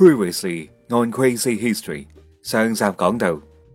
Previously on Crazy History. 上集，講到，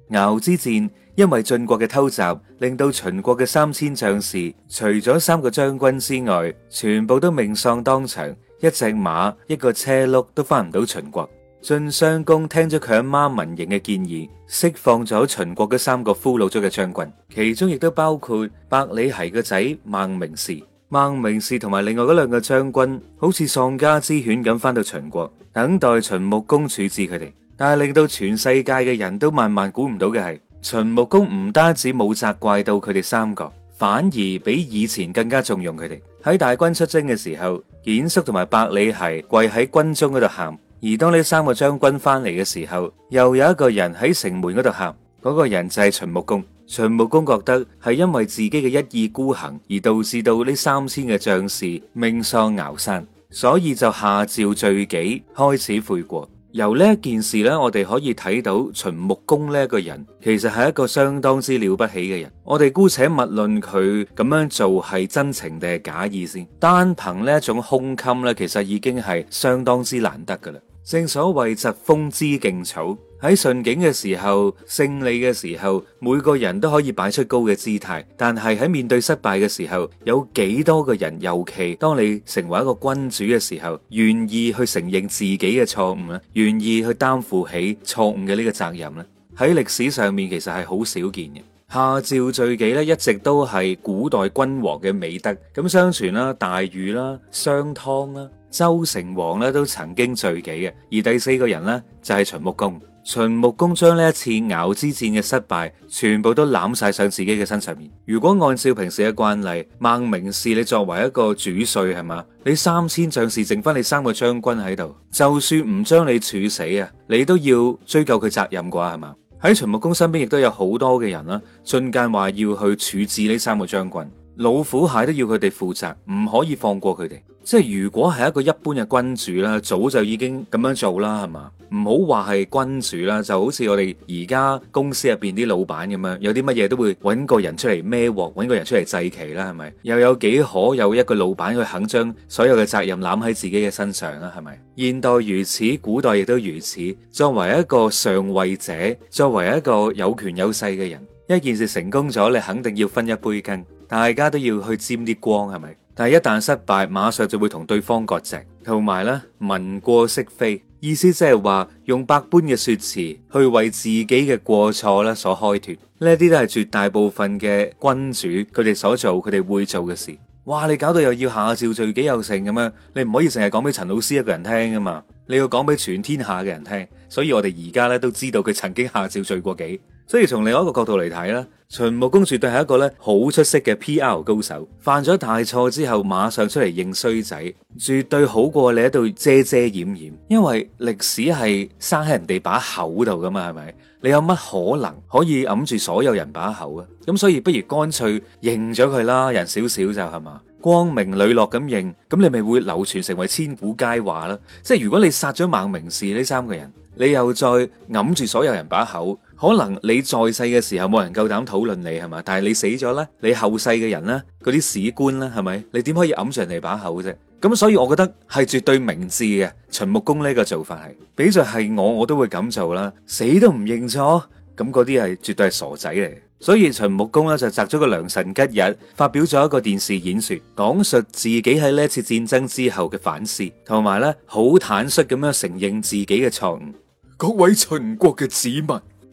殽之戰，因為晉國嘅偷襲，令到秦國嘅三千將士，除咗三個將軍之外，全部都命喪當場，一隻馬，一個車轆都返唔到秦國。晉襄公聽咗佢阿媽文嬴嘅建議，釋放咗秦國嘅三個俘虜咗嘅將軍，其中亦都包括百里奚個仔，孟明視。孟明氏同埋另外嗰兩個將軍，好似喪家之犬咁翻到秦國，等待秦穆公處置佢哋。但係令到全世界嘅人都萬萬估唔到嘅係，秦穆公唔單止冇責怪到佢哋三個，反而比以前更加重用佢哋。喺大軍出征嘅時候，蹇叔同埋百里奚跪喺軍中嗰度喊。而當呢三個將軍翻嚟嘅時候，又有一個人喺城門嗰度喊。嗰個人就係秦穆公。秦穆公覺得係因為自己嘅一意孤行而導致到呢三千嘅將士命喪崤山，所以就下詔罪己，開始悔過。由呢件事咧，我哋可以睇到秦穆公呢一個人，其實係一個相當之了不起嘅人。我哋姑且勿論佢咁樣做係真情定係假意先，單憑呢一種胸襟咧，其實已經係相當之難得噶啦。正所謂疾風知勁草。喺順境嘅時候、勝利嘅時候，每個人都可以擺出高嘅姿態。但係喺面對失敗嘅時候，有幾多個人？尤其當你成為一個君主嘅時候，願意去承認自己嘅錯誤咧，願意去擔負起錯誤嘅呢個責任咧，喺歷史上面其實係好少見嘅。下詔罪己咧，一直都係古代君王嘅美德。咁相傳啦、啊，大禹啦、啊、商湯啦、周成王啦、啊，都曾經罪己嘅。而第四個人呢，就係秦穆公。秦穆公將呢一次崤之戰嘅失敗，全部都攬晒上自己嘅身上面。如果按照平時嘅慣例，孟明視你作為一個主帥係嘛？你三千將士剩翻你三個將軍喺度，就算唔將你處死啊，你都要追究佢責任啩係嘛？喺秦穆公身邊亦都有好多嘅人啦，進諫話要去處置呢三個將軍。老虎蟹都要佢哋負責，唔可以放過佢哋。即係如果係一個一般嘅君主啦，早就已經咁樣做啦，係嘛？唔好話係君主啦，就好似我哋而家公司入邊啲老闆咁樣，有啲乜嘢都會揾個人出嚟孭鑊，揾個人出嚟祭旗啦，係咪？又有幾可有一個老闆去肯將所有嘅責任攬喺自己嘅身上啦？係咪？現代如此，古代亦都如此。作為一個上位者，作為一個有權有勢嘅人，一件事成功咗，你肯定要分一杯羹。大家都要去沾啲光係咪？但係一旦失敗，馬上就會同對方割席。同埋咧，文過飾非，意思即係話用百般嘅說辭去為自己嘅過錯咧所開脫。呢啲都係絕大部分嘅君主佢哋所做佢哋會做嘅事。哇！你搞到又要下詔罪己又成咁樣，你唔可以成日講俾陳老師一個人聽噶嘛？你要講俾全天下嘅人聽。所以我哋而家咧都知道佢曾經下詔罪過幾。所以從另外一個角度嚟睇咧，秦穆公絕對係一個咧好出色嘅 PR 高手。犯咗大錯之後，馬上出嚟認衰仔，絕對好過你喺度遮遮掩掩。因為歷史係生喺人哋把口度噶嘛，係咪？你有乜可能可以揞住所有人把口啊？咁所以不如乾脆認咗佢啦，人少少就係嘛，光明磊落咁認，咁你咪會流傳成為千古佳話啦。即係如果你殺咗孟明視呢三個人。你又再揞住所有人把口，可能你在世嘅時候冇人夠膽討論你係嘛？但係你死咗呢，你後世嘅人，人呢，嗰啲史官呢，係咪？你點可以揞住人哋把口啫？咁所以我覺得係絕對明智嘅，秦穆公呢個做法係，畀着係我，我都會咁做啦，死都唔認錯。咁嗰啲係絕對係傻仔嚟。所以秦穆公呢，就擇咗個良辰吉日，發表咗一個電視演說，講述自己喺呢次戰爭之後嘅反思，同埋呢好坦率咁樣承認自己嘅錯誤。各位秦國嘅子民，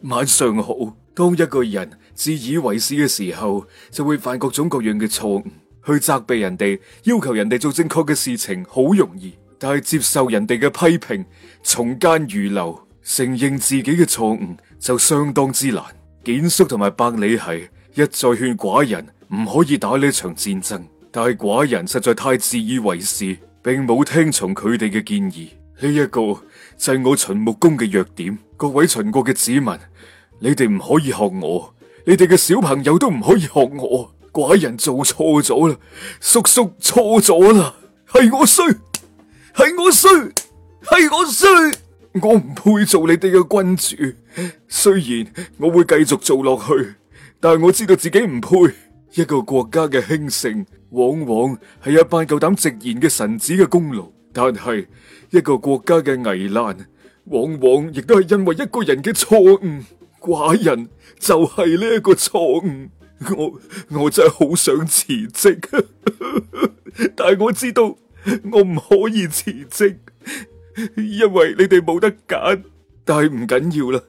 晚上好。當一個人自以為是嘅時候，就會犯各種各樣嘅錯誤。去責備人哋，要求人哋做正確嘅事情，好容易；但係接受人哋嘅批評、從諫如流、承認自己嘅錯誤，就相當之難。蹇叔同埋百里奚一再勸寡人唔可以打呢一場戰爭，但係寡人實在太自以為是，並冇聽從佢哋嘅建議。呢、這、一個。就係我秦穆公嘅弱點，各位秦國嘅子民，你哋唔可以學我，你哋嘅小朋友都唔可以學我。寡人做錯咗啦，叔叔錯咗啦，係我衰，係我衰，係我衰，我唔配做你哋嘅君主。雖然我會繼續做落去，但係我知道自己唔配。一個國家嘅興盛，往往係一班夠膽直言嘅臣子嘅功勞。但係一個國家嘅危難，往往亦都係因為一個人嘅錯誤。寡人就係呢一個錯誤。我我真係好想辭職， 但係我知道我唔可以辭職，因為你哋冇得揀。但係唔緊要啦，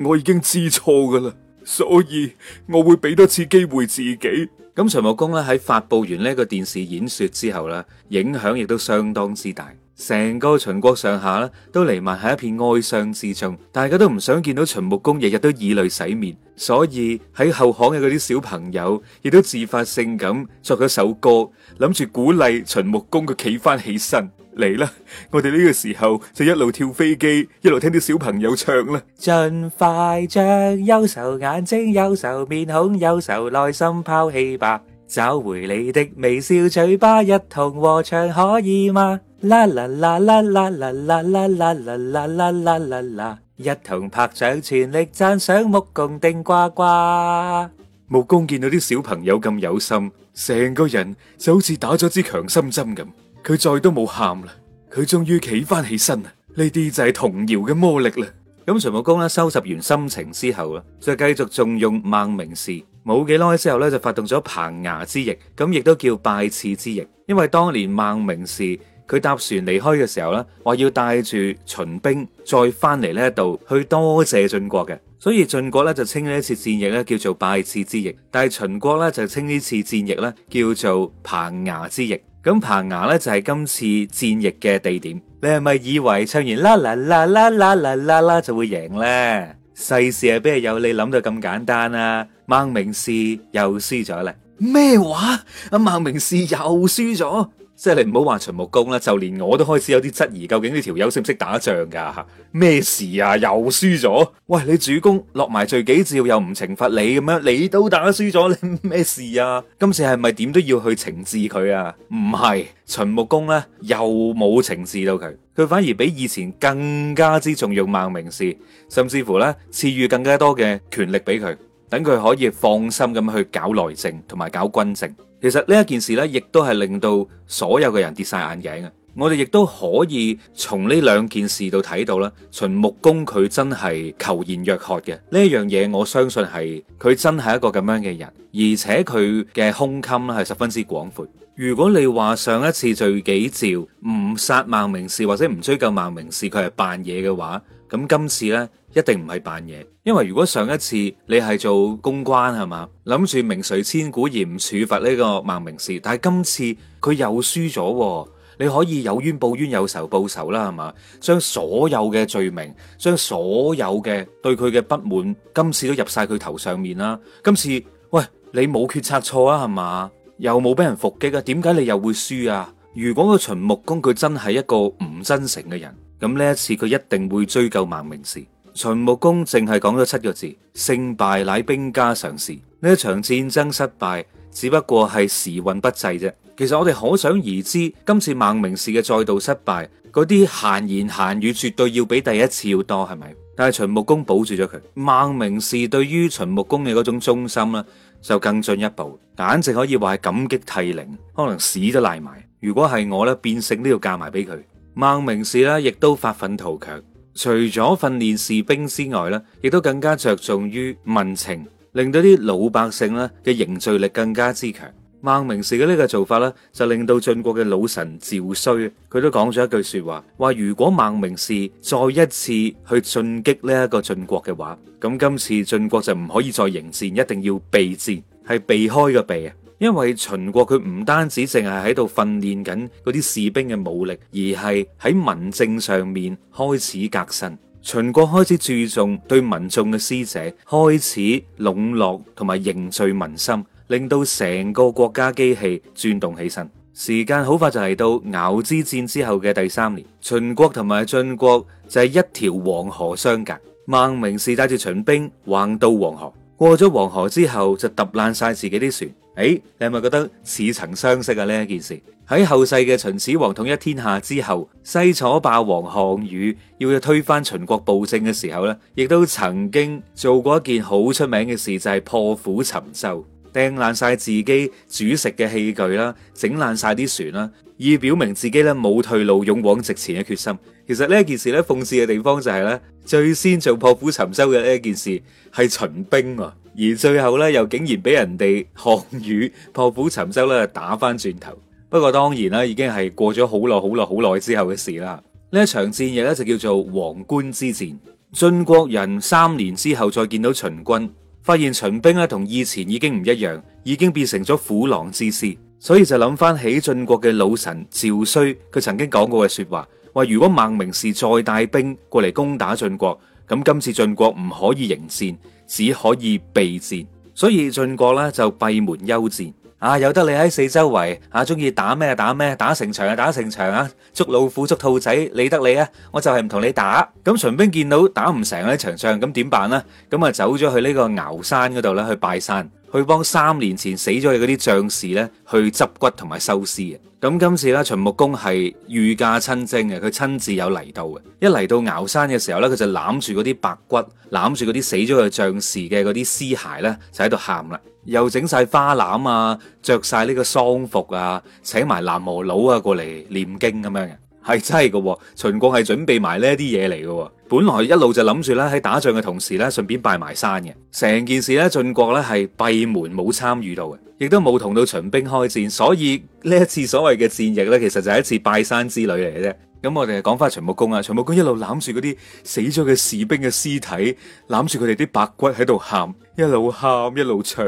我已經知錯噶啦，所以我會俾多次機會自己。咁秦穆公咧，喺發布完呢個電視演說之後呢，影響亦都相當之大，成個秦國上下咧，都彌漫喺一片哀傷之中，大家都唔想見到秦穆公日日都以淚洗面，所以喺後巷嘅嗰啲小朋友亦都自發性咁作咗首歌，諗住鼓勵秦穆公佢企翻起身。嚟啦！我哋呢個時候就一路跳飛機，一路聽啲小朋友唱啦。盡快將憂愁眼睛、憂愁面孔、憂愁內心拋棄吧，找回你的微笑嘴巴，一同和唱可以嗎？啦啦啦啦啦啦啦啦啦啦啦啦啦！一同拍掌，全力讚賞，穆公頂呱呱。穆公見到啲小朋友咁有心，成個人就好似打咗支強心針咁。佢再都冇喊啦，佢終於企翻起身啊！呢啲就係童謠嘅魔力啦。咁秦穆公咧收拾完心情之後啦，再繼續重用孟明氏。冇幾耐之後咧，就發動咗彭衙之役，咁亦都叫拜賜之役。因為當年孟明氏佢搭船離開嘅時候啦，話要帶住秦兵再翻嚟呢一度去多謝晉國嘅，所以晉國咧就稱呢一次戰役咧叫做拜賜之役，但係秦國咧就稱呢次戰役咧叫做彭衙之役。咁彭牙咧就係今次戰役嘅地點，你係咪以為唱完啦啦啦啦啦啦啦就會贏咧？世事啊，邊係有你諗到咁簡單啊。孟明氏又輸咗啦！咩話？阿孟明氏又輸咗？即係你唔好話秦穆公啦，就連我都開始有啲質疑，究竟呢條友識唔識打仗噶？咩事啊？又輸咗？喂，你主公落埋罪己詔又唔懲罰你咁樣，你都打輸咗，你咩事啊？今次係咪點都要去懲治佢啊？唔係秦穆公咧，又冇懲治到佢，佢反而比以前更加之重用孟明視，甚至乎呢，賜予更加多嘅權力俾佢，等佢可以放心咁去搞內政同埋搞軍政。其實呢一件事呢，亦都係令到所有嘅人跌晒眼鏡嘅。我哋亦都可以從呢兩件事度睇到啦，秦穆公佢真係求賢若渴嘅呢一樣嘢。我相信係佢真係一個咁樣嘅人，而且佢嘅胸襟咧，係十分之廣闊。如果你話上一次罪己詔唔殺孟明士或者唔追究孟明士，佢係扮嘢嘅話，咁今次呢。一定唔係扮嘢，因為如果上一次你係做公關，係嘛，諗住名垂千古而唔處罰呢個孟明視，但係今次佢又輸咗，你可以有冤報冤，有仇報仇啦係嘛，將所有嘅罪名，將所有嘅對佢嘅不滿，今次都入晒佢頭上面啦。今次喂，你冇決策錯啊係嘛，又冇俾人伏擊啊，點解你又會輸啊？如果個秦穆公佢真係一個唔真誠嘅人，咁呢一次佢一定會追究孟明視。秦穆公淨係講咗七個字：勝敗乃兵家常事。呢一場戰爭失敗，只不過係時運不濟啫。其實我哋可想而知，今次孟明氏嘅再度失敗，嗰啲閒言閒語絕對要比第一次要多，係咪？但係秦穆公保住咗佢，孟明氏對於秦穆公嘅嗰種忠心呢，就更進一步，簡直可以話係感激涕零，可能屎都賴埋。如果係我呢，變性都要嫁埋俾佢。孟明氏呢，亦都發奮圖強。除咗訓練士兵之外咧，亦都更加着重於民情，令到啲老百姓咧嘅凝聚力更加之強。孟明視嘅呢個做法咧，就令到晉國嘅老臣趙衰，佢都講咗一句說話，話如果孟明視再一次去進擊呢一個晉國嘅話，咁今次晉國就唔可以再迎戰，一定要避戰，係避開個避啊。因為秦國佢唔單止淨係喺度訓練緊嗰啲士兵嘅武力，而係喺民政上面開始革新。秦國開始注重對民眾嘅施捨，開始籠絡同埋凝聚民心，令到成個國家機器轉動起身。時間好快就嚟到崤之戰之後嘅第三年，秦國同埋晉國就係一條黃河相隔。孟明視帶住秦兵橫渡黃河，過咗黃河之後就揼爛晒自己啲船。誒、哎，你係咪覺得似曾相識啊？呢一件事喺後世嘅秦始皇統一天下之後，西楚霸王項羽要推翻秦國暴政嘅時候咧，亦都曾經做過一件好出名嘅事，就係、是、破釜沉舟，掟爛晒自己煮食嘅器具啦，整爛晒啲船啦，以表明自己咧冇退路、勇往直前嘅決心。其實呢一件事咧，諷刺嘅地方就係、是、咧，最先做破釜沉舟嘅呢一件事係秦兵啊。而最後咧，又竟然俾人哋項羽破釜沉舟咧，打翻轉頭。不過當然啦，已經係過咗好耐、好耐、好耐之後嘅事啦。呢一場戰役咧，就叫做皇冠之戰。晉國人三年之後再見到秦軍，發現秦兵咧同以前已經唔一樣，已經變成咗虎狼之師。所以就諗翻起晉國嘅老臣趙衰，佢曾經講過嘅説話，話如果孟明氏再帶兵過嚟攻打晉國，咁今次晉國唔可以迎戰。只可以避戰，所以晉國咧就閉門休戰。啊，由得你喺四周圍啊，中意打咩打咩，打城牆就、啊、打城牆啊，捉老虎捉兔仔，理得你啊！我就係唔同你打。咁秦兵見到打唔成呢場仗，咁點辦咧？咁啊走咗去呢個牛山嗰度咧，去拜山。去幫三年前死咗嘅嗰啲將士咧，去執骨同埋收屍嘅。咁、嗯、今次咧，秦穆公係御駕親征嘅，佢親自有嚟到嘅。一嚟到崤山嘅時候咧，佢就攬住嗰啲白骨，攬住嗰啲死咗嘅將士嘅嗰啲屍骸咧，就喺度喊啦。又整晒花籃啊，着晒呢個喪服啊，請埋南無佬啊過嚟念經咁樣嘅。係真係噶，秦國係準備埋呢啲嘢嚟噶。本來一路就諗住咧，喺打仗嘅同時咧，順便拜埋山嘅。成件事咧，晉國咧係閉門冇參與到嘅，亦都冇同到秦兵開戰。所以呢一次所謂嘅戰役咧，其實就係一次拜山之旅嚟嘅啫。咁我哋就講翻秦穆公啦，秦穆公一路攬住嗰啲死咗嘅士兵嘅屍體，攬住佢哋啲白骨喺度喊，一路喊一路唱。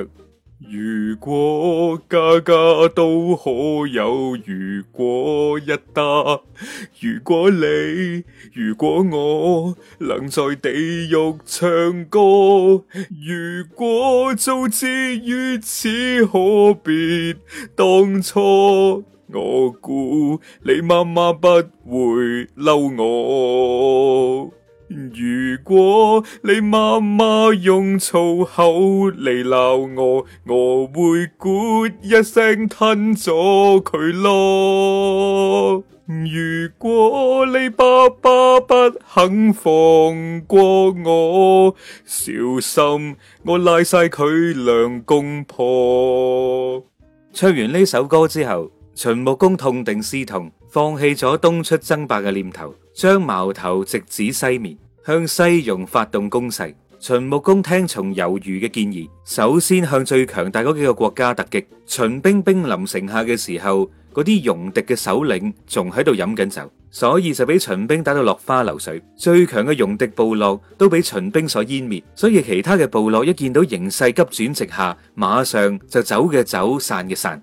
如果家家都可有如果一打，如果你如果我能在地獄唱歌，如果早知如此何必當初，我估你媽媽不會嬲我。如果你媽媽用粗口嚟鬧我，我會咕一聲吞咗佢咯。如果你爸爸不肯放過我，小心我拉晒佢兩公婆。唱完呢首歌之後，秦穆公痛定思痛。放棄咗東出爭霸嘅念頭，將矛頭直指西面，向西戎發動攻勢。秦穆公聽從由余嘅建議，首先向最強大嗰幾個國家突擊。秦兵兵臨，臨城下嘅時候，嗰啲戎狄嘅首領仲喺度飲緊酒，所以就俾秦兵打到落花流水。最強嘅戎狄部落都俾秦兵所湮滅，所以其他嘅部落一見到形勢急轉直下，馬上就走嘅走，散嘅散。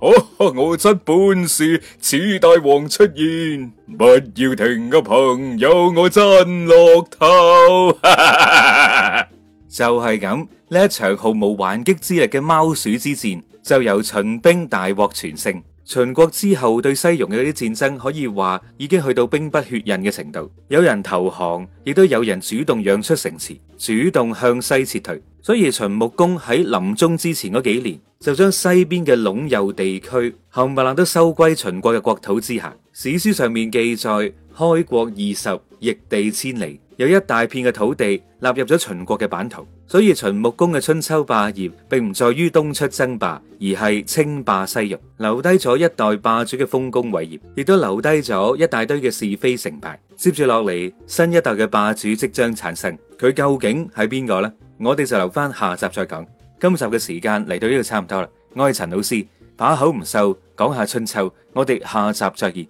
哦、我則本事似大王出現，不要停啊！朋友，我真落頭， 就係咁。呢一場毫無還擊之力嘅貓鼠之戰，就由秦兵大獲全勝。秦國之後對西戎嘅啲戰爭，可以話已經去到兵不血刃嘅程度。有人投降，亦都有人主動讓出城池，主動向西撤退。所以秦穆公喺臨終之前嗰幾年，就將西邊嘅隴右地區冚唪唥都收歸秦國嘅國土之下。史書上面記載，開國二十，易地千里。有一大片嘅土地納入咗秦國嘅版圖，所以秦穆公嘅春秋霸業並唔在於東出爭霸，而係稱霸西戎，留低咗一代霸主嘅豐功偉業，亦都留低咗一大堆嘅是非成敗。接住落嚟，新一代嘅霸主即將產生，佢究竟係邊個呢？我哋就留翻下集再講。今集嘅時間嚟到呢度差唔多啦，我係陳老師，把口唔收，講下春秋，我哋下集再見。